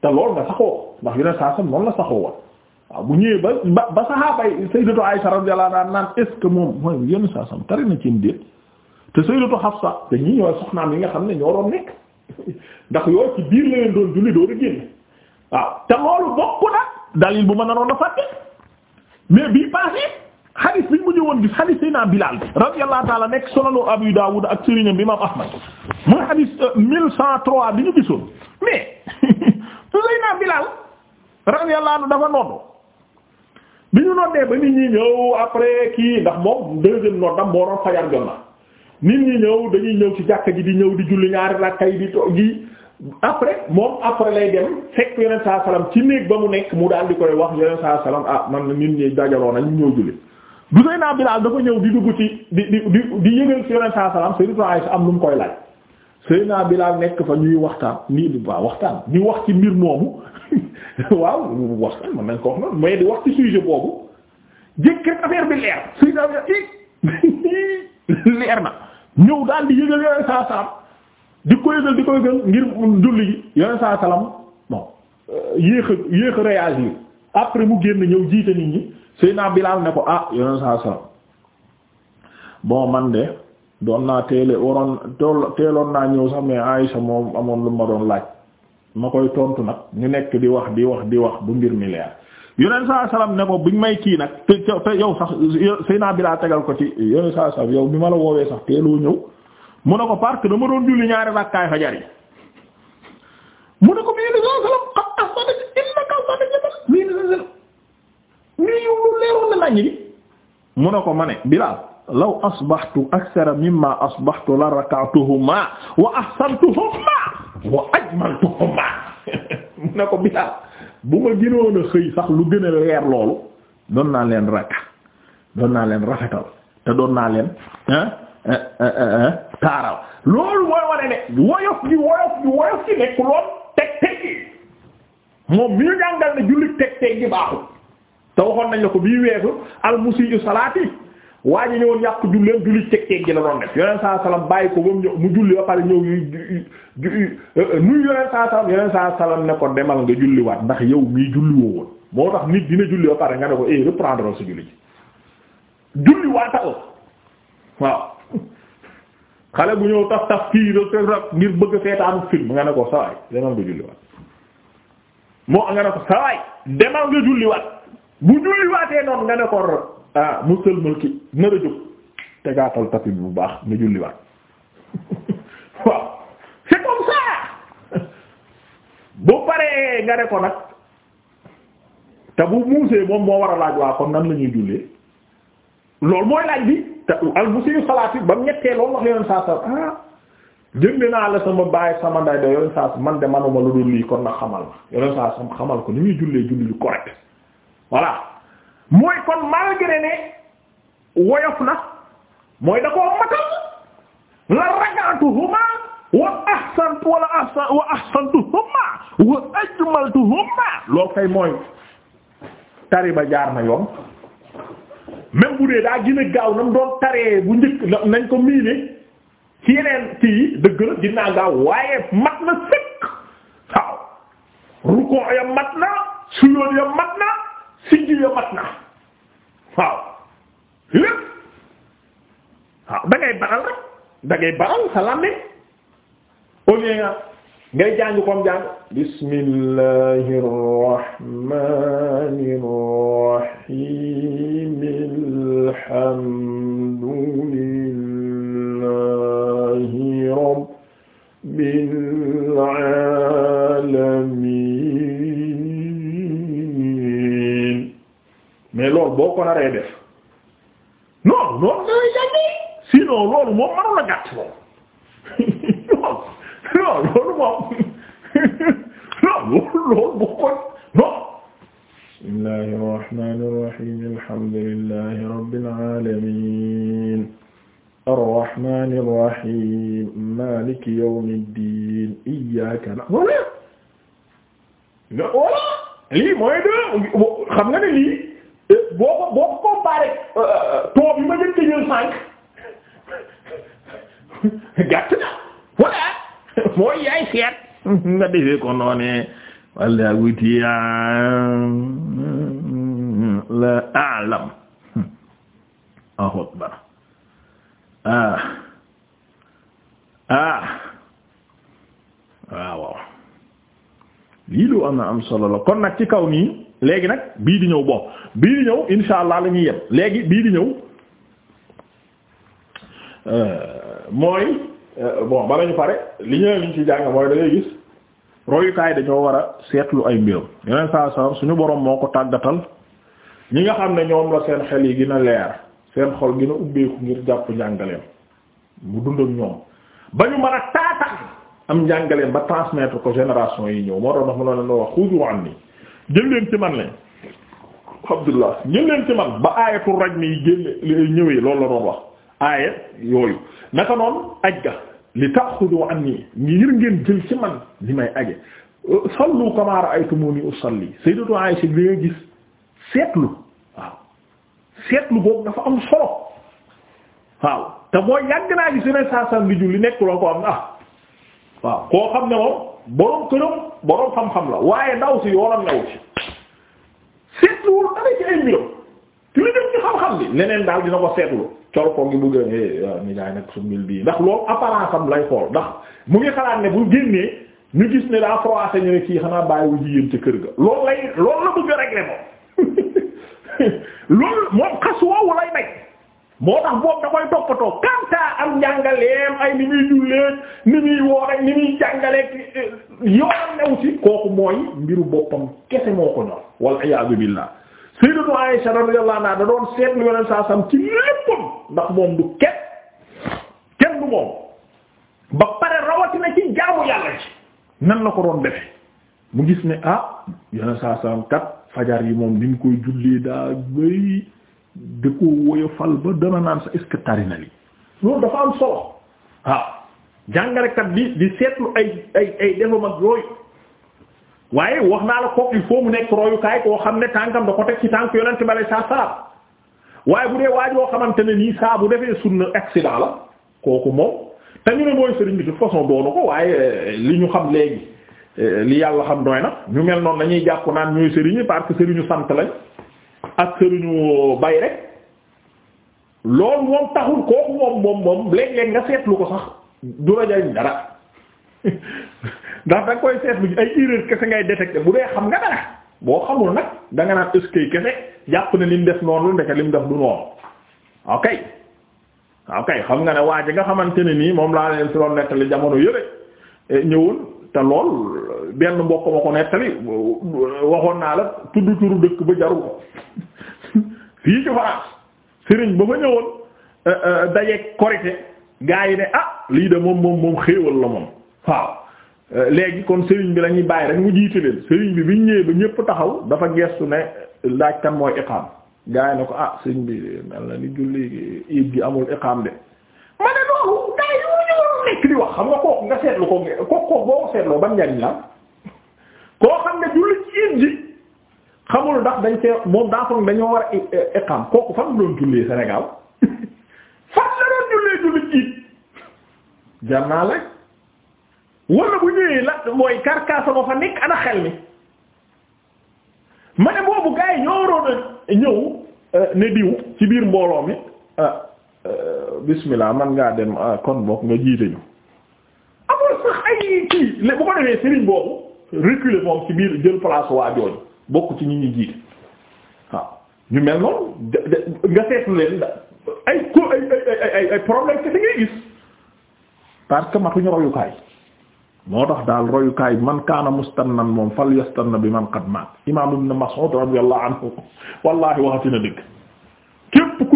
te loolu nga saxoo ndax yeneen saa sam noonu la saxoo woon waaw bu ñëwee ba ba saxaabay sayyidatu Aisha radiyallahu anha naan est ce que moom mooy yeneen saa sam tari na ci déet te sayyidatu Hafsa te ñi ñooy soxnaam yi nga xam ne ñoo doon nekk ndax yooyu ci biir la leen doon julli doo di génn waaw te loolu bokk na dalil bu ma naroon a fàtte mais bii passé xadis bi ñu mujj woon gis xadis Seydina Bilal radiyallahu ta'ala nekk Sunan Abu Dawud ak sëriñam bi Imam Ahmad mooy xadis 1103 bi ñu gisoon mais Seydina Bilal radiyallahu anhu dafa nodd bi ñu noddee ba nit ñi ñëw après kii ndax moom deuxième noddam moo doon fajar jot na nit ñi ñëw dañuy ñëw ci jàkka ji di ñëw di julli ñaari rakka yi di toog gi après moom après lay dem fekk yeneen saa salaam ci néeg ba mu nekk mu daal di koy wax yeneen ah, man nit ñi dajaloo nañ ñëw du sëy Bilaal dafa ñëw di dugg ci di di di di yëgal saa salaam Sayyidatu Aysa am lu mu koy laaj sëy naa Bilaal nekk fa ñuy waxtaan nii wax ci mbir moomu waaw waxtaan mën nañ ko wax noonu mais di wax ci sujet boobu jékk rek bi leer sëy naa bi leer na ñëw daal di yëgal yoneen saa salaam di ko yëgal di ko yëgal ngir julli gi yoneen saa salaam bon euh, yéex yéex a réagir après mu génn ñëw jiite nit ñi Seydina Bilaal ne ko ah yoneen saa salaam bon man de doon naa teele waroon teeloon naa ñëw sax mais Aysa moom amoon lu ma doon laaj ma koy tontu nag ñu nekk di wax di wax di wax bu mbir mi leer yoneen saa salaam ne ko buñ may kii nag te te yow sax Seydina Bilaal tegal ko ci yoneen saa salaam yow bi ma la woowee sax teeloo ñëw mu ne ko parce que dama doon julli ñaari rakkaay fajar yi ñu yiw lu leeroon na mu ne ko ma ne Bilaal law asbahtu akthara mimma asbahtu la raka'tuhuma wa ahsantuhuma wa ajmaltuhuma mu ne ko Bilaal bu ma gënoon a xëy sax lu gën a leer loolu doon naa leen rakka doon naa leen rafetal te doon naa leen taaral loolu mooy wane ne woyof gi woyof gi woyof gi nekk lool teg teg gi moom mi ñu jàngal ne jullit teg teg gi baaxul te waxoon nañ la ko bii weesu al musii'u salaati waa ji ñëwoon yàq julli teg teg gi la doon def yoneen saa salaam bàyyi ko ba mu ñëw mu julli ba pare ñëw nuyu yoneen saa salaam yoneen saa salaam ne ko demal nga julliwaat ndax yow mii julli woo woon moo tax nit dina julli ba pare nga ne ko eh reprendre sa julli ji julliwaata ko waaw xale bu ñëw taf taf kii ngir bëgg seetaan film nga ne ko sawaay demal nga julliwaat moo bu julli waatee noonu nga ne ko ah mu sëlmal ki nar a jóg tegaatal tapi bi bu baax nga julli waat waaw comme ça bu paree nga ne ko nag te bu muusee moom moo war a laaj waa kon nan la ñuy jullee loolu mooy laaj bi te al musiyu salaat yi ba mu ñettee loolu wax yoon saa sa ah jënd naa la sama baay sama nday da yoon saa man de manuma lu dul lii kon nag xamal ma yoon saa sam xamal ko ni muy jullee julli lu correct voilà mooy kon malgré ne woyof na mooy da koo matal la raga'tuhuma wa ahsantu wala ahsan wa ahsantuhuma wa ajmaltuhuma lool kay mooy tari ba jaar na yoon même bu dee daa gën a gaaw na mu doon taree bu njëkk nañ ko miine ci yeneen kii dëgg la ginnaa gaaw waaye mat na sëkk waaw ruko ya mat na suyoon ya mat na si ji yo mat na waaw lépp baral rek da ngay baral sa làmmiñ au nga ngay jàng comme jàng bismillahir rahmanir rahim alhamdulillahi rabbil loolu boo ko naree def non non da ngay jàngee sinon loolu gàtt loolu nga ko noone walla wutiya la a'lam Allahu akbar ah ah waaw lii lu am am solo la kon nag ci kaw nii léegi nag bii di ñëw bon bii di ñëw insha allah la ñuy yem léegi bii di ñëw euh, mooy euh, bon bala ñu pare li ñu ne ñu ci mooy da royukaay dañoo war a seetlu ay mbiram yeneen saa saa suñu boroom moo ko tàggatal ñi nga xam ne ñoom la seen xel yi gën a leer seen xol gën a ubbeeku ngir jàpp njàngaleem mu dund ak ñoom ba ñu mën a taatax am njàngaleem ba transmettre ko génération yi ñëw moo tax ndax mu ne la wax xuudu an nii jël leen ci man leen Abdullah jël leen ci man ba aayatu raj mi génne ñëwee loolu la doon wax aaya yooyu naka aj ga li ta'khudhu anni ngir ngeen jël ci man li may aje euh, sallu kama ra'aytumuni usalli sayyidatu Aisha li nga gis seetlu waaw seetlu boobu dafa am solo waaw te boo yàgg naa gis yeneen saa saa bi julli nekk loo ko am ah waaw koo xam ne moom boroom këram boroom xam-xam la waaye ndaw si yoonam new si seetluwul dara ci ay mbiram ci li dem ci xam-xam bi leneen daal dina ko seetlu col ko ngi bëgg a ni daay nag suñu bii ndax loolu apparence am lay xool ndax mu ngi xalaat ne bu génnee ñu gis ne daa froissé ñu ne kii xanaa bàyyiwu jigéen ca kër ga loolu lay loolu la bëgg a régler moom loolu moom xas woowu lay may moo tax boobu da koy toppatoo kanta am njàngaleem ay ni muy julleeg ni muy woorek ni muy jàngaleeg eh, yoonam new ci kooku mooy mbiru boppam kese moo ko ñor wal iyaazu billah Sayyidatu Aisha radiyallahu anha da doon seetlu yoneen saa sam ci léppam ndax moom du kenn kenn du moom ba pare rawatina ci jaamu yàlla ci nan la ko doon defe mu gis ne ah yoneen saa sam kat fajar yi moom ni mu koy jullee daa bay da ko woyofal ba dana naan sa est loolu dafa am solo waaw ah, jàngalekat bi di seetlu ay ay ay defam ak yooyu waaye wax naa la kooku il faut mu nekk royukaay koo xam ne tànkam da ko teg ci tànk yonent bi alay saa salaam waaye bu dee waajoo xamante ne nii saa bu defee sunna accident la kooku moom te ñu ne mooy sëriñ bi de façon doonu ko waaye euh, li ñu xam léegi euh, li yàlla xam doy na ñu mel noonu lañuy jàpp naan ñooy sëriñi parce que sëriñu sant lañ ak sëriñu bay rek loolu moom taxul kooku moom moom moom léeg-léeg nga seetlu ko sax du la jariñ dara ndax da nga koy seetlu ay erreur kese ngay détecté bu dee xam nga dara boo xamul nag da nga naan eskay kese jàpp ne lim def noonu la ndeke lim def du noonu ok ok xam nga ne waa ji nga xamante ne nii moom laa leen si doon nettali jamono yële eh, ñëwul te lool benn mbokk ma ko nettali waxoon naa la tudd turu dëkk ba jarul ko fii ci France Serigne ba fa ñëwoon eh, eh, dajeeg korite gaa yi ne ah lii de moom moom moom xéewal la moom. waaw euh, léegi kon sëriñ bi la ñuy bàyyi rek mu jiite leen sëriñ bi bi ñëwee ba ñëpp taxaw dafa gestu ne laaj kan mooy iqaam gaa yi ne ko ah sëriñ bi mel na ni julli iid gi amul iqaam de ma ne loolu gaa yi mu ñëwoon nekk di wax xam nga kooku nga seetlu ko kooku kooku boo ko seetloo ban njariñ la koo xam ne julli iid gi xamul ndax dañ see moom daa foog dañoo war a e, iqaam kooku fan doon jullee Sénégal fan la doon jullee julli iid jar naa wala bu ñëwee la mooy carcasse ba fa nekk ana xel mi ma boobu gars yi a ñëw euh, ne diw ci biir mbooloo mi ah, euh, bismillah man ngaa dem ah, kon bokk nga jiite ñu. amul sax ay kii bu ko defee Serigne boobu reculer moom ci biir jël place waa jooju bokk ci ñi ñuy jiite waaw ñu mel noonu nga seetlu leen ay ko ay ay ay problème que da ngay gis parce que matuñu royukaay. moo tax daal royukaay man kaana mustannan moom fal yastanna bi man qad maat imaam ibn Mas'ud radiyallahu anhu wallaahi waxati na dëgg képp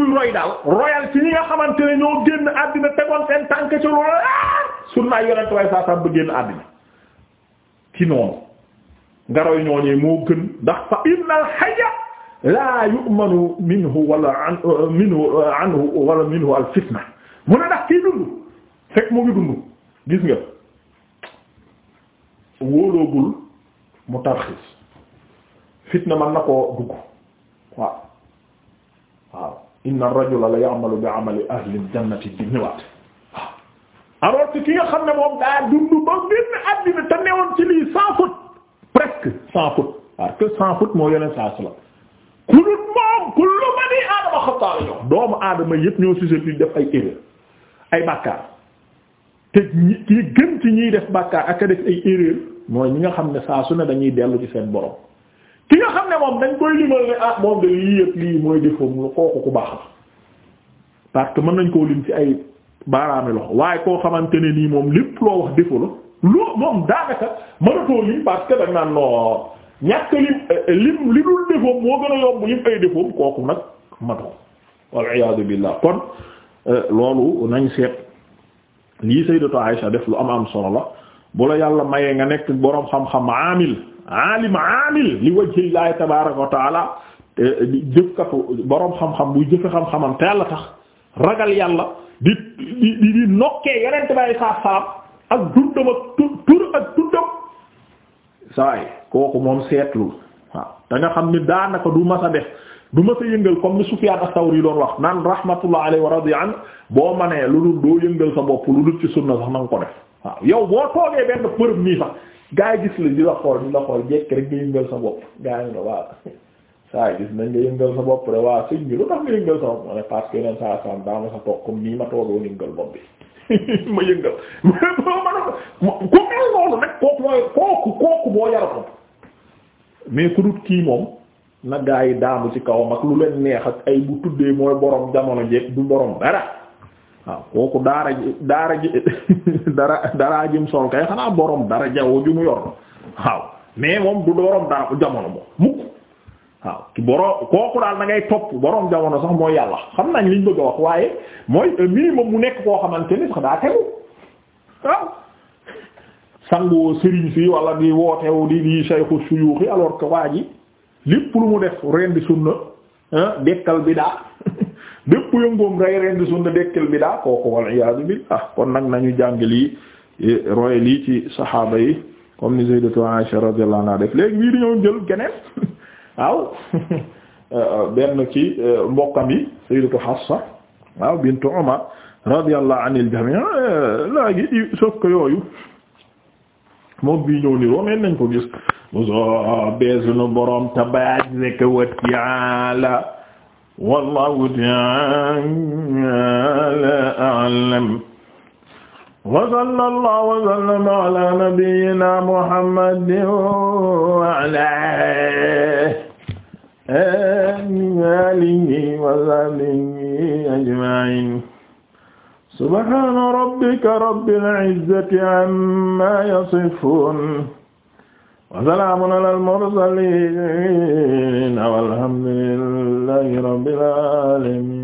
royal ci ñi nga xamante ne ñoo génn àddina tegoon seen minhu wala minhu al fitna mu ne ndax kii dund fekk mu gis nga wóoloogul mu tarxiis fitna man na koo dugg waaw waaw inna ar-rajula la ya'malu bi 'amali ahli al-jannati di ñëwaat waaw alors xam ne moom daa dund ba génn àddina te newoon ci lii sans faute presque sans faute moo yeneen saa si kulut moom kullu bani aadama xataa la ñoo doomu aadama yépp ñoo susceptible def ay erreur ay bàkkaar te ñi ki gën ci ñiy def bàkkaar ak a def ay erreur mooy ñi nga xam ne saa su ne dañuy dellu ci seen borom ki nga xam ne moom dañ koy ah, lii mooy defoom lu baax la mën nañ koo lim ci ay baaraami loxo koo xamante ne nii moom lépp loo wax eh, li dul defoom moo gën a yomb lim ay defoom kooku nag matoo wal iyaadu billah kon eh, loolu nañ seet lii sayyidatu Aisha def lu am am solo la bu yàlla mayee nga nekk boroom xam-xam amil alim amil li wajhi llahi tabaaraka wa taala di tax ragal yàlla di di nokkee yeneen bay saa salam ak dundam ak tur ak dundam saa kooku moom seetlu waaw da xam ni daanaka du mas a def du ma sa yëngal comme ni Sufyaan as-Sawri doon wax naan rahmatullah alayhi wa radiya an boo ma nee lu dul doo yëngal sa bopp lu dul ci sunna sax na nga ko def waaw yow boo toogee benn përëb nii sax gaa yi gis la di la xool di la xool jekk rek nga yëngal sa bopp gaa yi ne waaw saa gis nañ nga yëngal sa bopp de waaw sëñ bi lu tax nga yëngal sa bopp ma ne parce que yeneen saa saam daa ma sa toog comme nii ma toogoon yëngal bopp bi ma yëngal ma ku mel na gaa yi daamu ci kawam ak lu leen neex ak ay bu tuddee mooy borom jamono jeeg du borom dara waaw kooku daara ji daara ji dara daraa jim sol kay xanaa borom dara jaww ju mu yor waaw mais moom du borom dara jamono moom mukk waaw kooku daal na ngay topp borom jamono sax moo yàlla xam nañ liñ bëgg a wax waaye mooy minimum mu nekk koo xamante ni sax daa tegu waaw. sangoo sëriñ si wala di wootewu di di sayxu suyuuxi alors que waa ji. lépp lu mu def rendi sunna dekkal bidaa bépp yëngoom rey rendi sunna dekkal bidaa kooku wal iyaadu billah kon nag nañu jàng lii eh, roye lii ci saxaaba yi comme ni sayyidatu Aisha radiyallahu anha def léegi wii di jël keneen waaw eh, eh, benn ci mbokkam yi sayyidatu Hafsa waaw bintu Umar radiyallahu anil jamii léegi sauf que yooyu moom bii ñëw niroo neen nañ ko gis moso besunu borom tabaaj nekk wa taala wallahu taala a'lam wa sallallahu wa sallama ala nabiyyina muhammadin wa ala alihi wa sahbihi ajma'in subhaana rabbika rabbil izzati amma yasifuun wa salaamun alal mursaliin walhamdulillaahi rabbil aalamiin